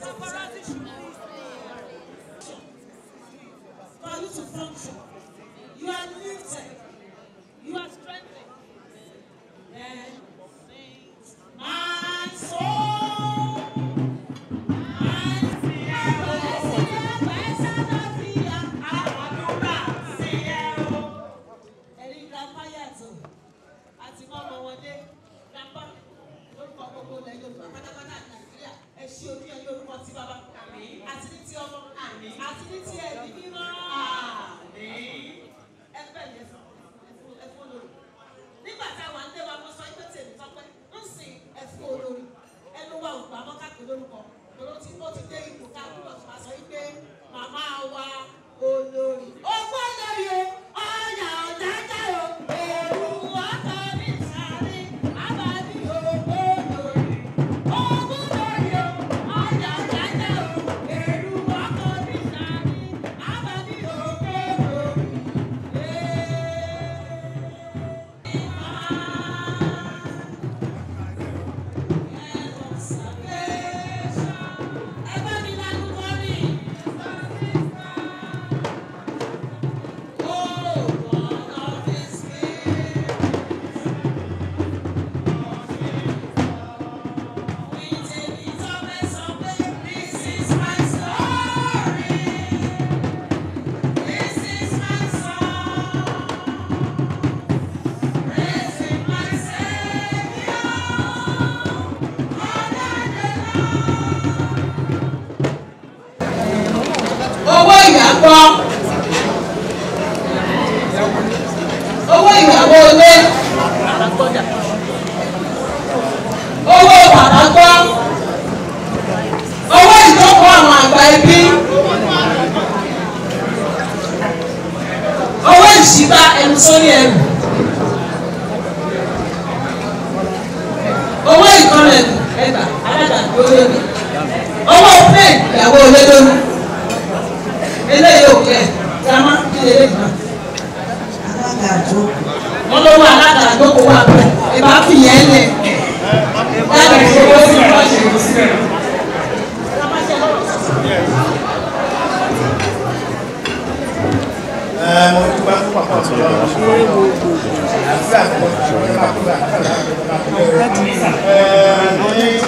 de For you to function. bàbá àmín àti ní ti ọmọ àmín àti ní ti ẹ̀mí mímọ́. gbọ́ owó ìyàwó ilé owó bàbá gbọ́ owó ìjókòó àwọn àgbà ẹbí owó ìṣìbá ẹnu sórí ẹrù. owó ìkọlẹ̀ ẹgbà alága lórí ẹgbà owó plẹ̀ ìyàwó olódó. àjókòó wà bẹ́ẹ̀ ìbá fìyẹn lẹ̀ láti ṣe ó sì wá ṣe é sílẹ̀. mo dúpẹ́ fún pàpà ọ̀sán lọ́wọ́ àti àgbọ̀n ìṣòro nípa tó bá àkàrà àti àgbọ̀n ìṣòro.